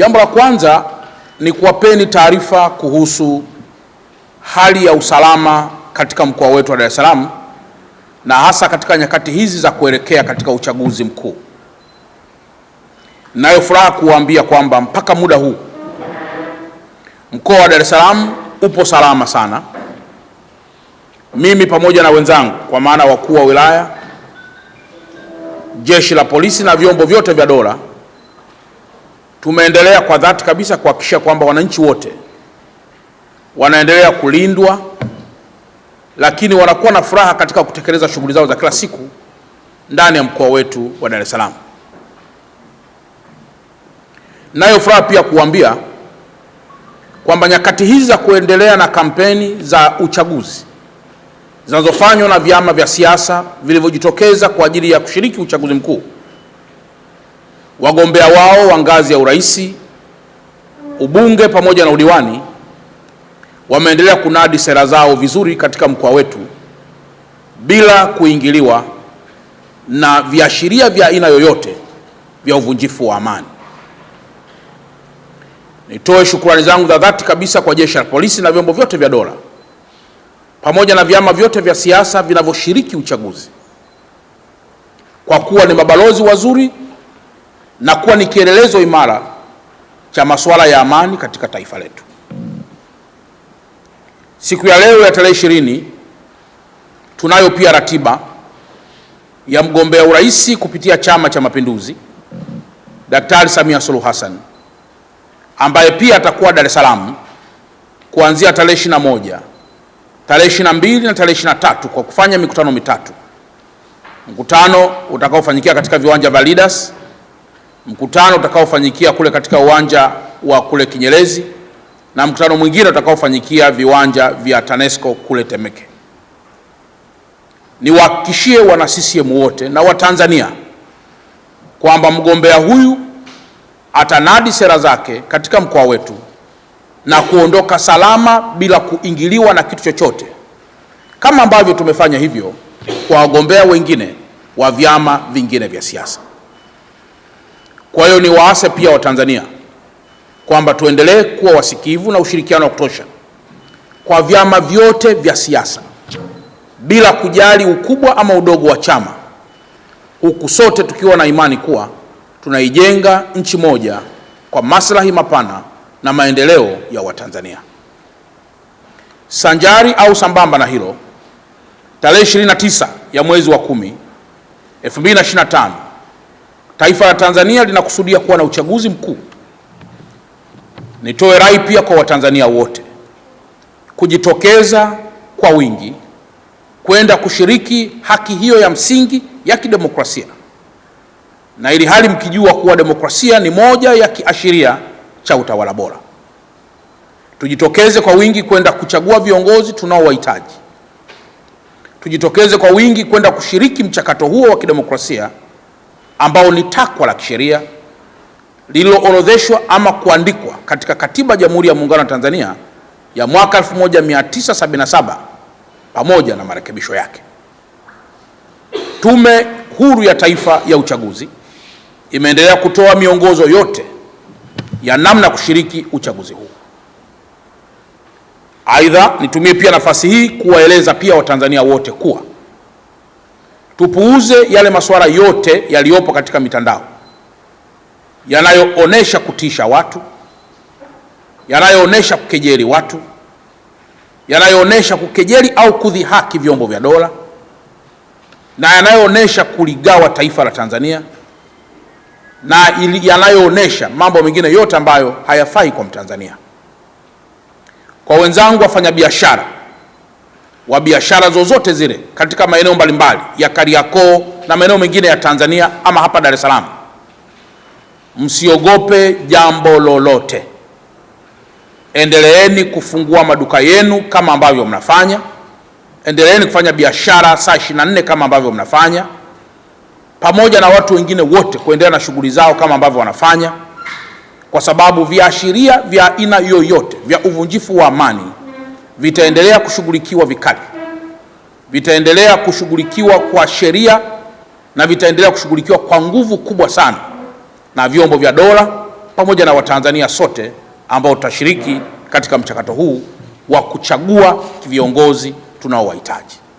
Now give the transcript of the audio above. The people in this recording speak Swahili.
Jambo la kwanza ni kuwapeni taarifa kuhusu hali ya usalama katika mkoa wetu wa Dar es Salaam na hasa katika nyakati hizi za kuelekea katika uchaguzi mkuu. Nayo furaha kuwaambia kwamba mpaka muda huu mkoa wa Dar es Salaam upo salama sana. Mimi pamoja na wenzangu kwa maana wakuu wa wilaya, jeshi la polisi na vyombo vyote vya dola tumeendelea kwa dhati kabisa kuhakikisha kwamba wananchi wote wanaendelea kulindwa, lakini wanakuwa na furaha katika kutekeleza shughuli zao za kila siku ndani ya mkoa wetu wa Dar es Salaam. Nayo furaha pia kuambia kwamba nyakati hizi za kuendelea na kampeni za uchaguzi zinazofanywa na vyama vya siasa vilivyojitokeza kwa ajili ya kushiriki uchaguzi mkuu wagombea wao wa ngazi ya urais ubunge pamoja na udiwani wameendelea kunadi sera zao vizuri katika mkoa wetu bila kuingiliwa na viashiria vya aina yoyote vya uvunjifu wa amani. Nitoe shukrani zangu za dhati kabisa kwa jeshi la polisi na vyombo vyote vya dola pamoja na vyama vyote vya siasa vinavyoshiriki uchaguzi kwa kuwa ni mabalozi wazuri na kuwa ni kielelezo imara cha masuala ya amani katika taifa letu. Siku ya leo ya tarehe ishirini tunayo pia ratiba ya mgombea urais kupitia Chama cha Mapinduzi Daktari Samia Suluhu Hassan ambaye pia atakuwa Dar es Salaam kuanzia tarehe moja tarehe 22 na tarehe na tatu kwa kufanya mikutano mitatu, mkutano utakaofanyikia katika viwanja vya Leaders mkutano utakaofanyikia kule katika uwanja wa kule Kinyerezi na mkutano mwingine utakaofanyikia viwanja vya TANESCO kule Temeke. Niwahakikishie wana CCM wote na Watanzania kwamba mgombea huyu atanadi sera zake katika mkoa wetu na kuondoka salama bila kuingiliwa na kitu chochote, kama ambavyo tumefanya hivyo kwa wagombea wengine wa vyama vingine vya siasa. Kwa hiyo ni waase pia Watanzania kwamba tuendelee kuwa wasikivu na ushirikiano wa kutosha kwa vyama vyote vya siasa bila kujali ukubwa ama udogo wa chama, huku sote tukiwa na imani kuwa tunaijenga nchi moja kwa maslahi mapana na maendeleo ya Watanzania. Sanjari au sambamba na hilo, tarehe 29 ya mwezi wa 10 2025 Taifa la Tanzania linakusudia kuwa na uchaguzi mkuu. Nitoe rai pia kwa Watanzania wote kujitokeza kwa wingi kwenda kushiriki haki hiyo ya msingi ya kidemokrasia, na ili hali mkijua kuwa demokrasia ni moja ya kiashiria cha utawala bora. Tujitokeze kwa wingi kwenda kuchagua viongozi tunaowahitaji. Tujitokeze kwa wingi kwenda kushiriki mchakato huo wa kidemokrasia ambao ni takwa la kisheria lililoorodheshwa ama kuandikwa katika Katiba ya Jamhuri ya Muungano wa Tanzania ya mwaka 1977 pamoja na marekebisho yake. Tume Huru ya Taifa ya Uchaguzi imeendelea kutoa miongozo yote ya namna ya kushiriki uchaguzi huu. Aidha, nitumie pia nafasi hii kuwaeleza pia Watanzania wote kuwa tupuuze yale masuala yote yaliyopo katika mitandao yanayoonesha kutisha watu, yanayoonesha kukejeli watu, yanayoonesha kukejeli au kudhihaki vyombo vya dola na yanayoonesha kuligawa taifa la Tanzania na yanayoonesha mambo mengine yote ambayo hayafai kwa Mtanzania. Kwa wenzangu wafanyabiashara wa biashara zozote zile katika maeneo mbalimbali ya Kariakoo na maeneo mengine ya Tanzania ama hapa Dar es Salaam, msiogope jambo lolote. Endeleeni kufungua maduka yenu kama ambavyo mnafanya, endeleeni kufanya biashara saa 24 kama ambavyo mnafanya, pamoja na watu wengine wote kuendelea na shughuli zao kama ambavyo wanafanya, kwa sababu viashiria vya aina yoyote vya uvunjifu wa amani vitaendelea kushughulikiwa vikali, vitaendelea kushughulikiwa kwa sheria na vitaendelea kushughulikiwa kwa nguvu kubwa sana na vyombo vya dola pamoja na Watanzania sote ambao tutashiriki katika mchakato huu wa kuchagua viongozi tunaowahitaji.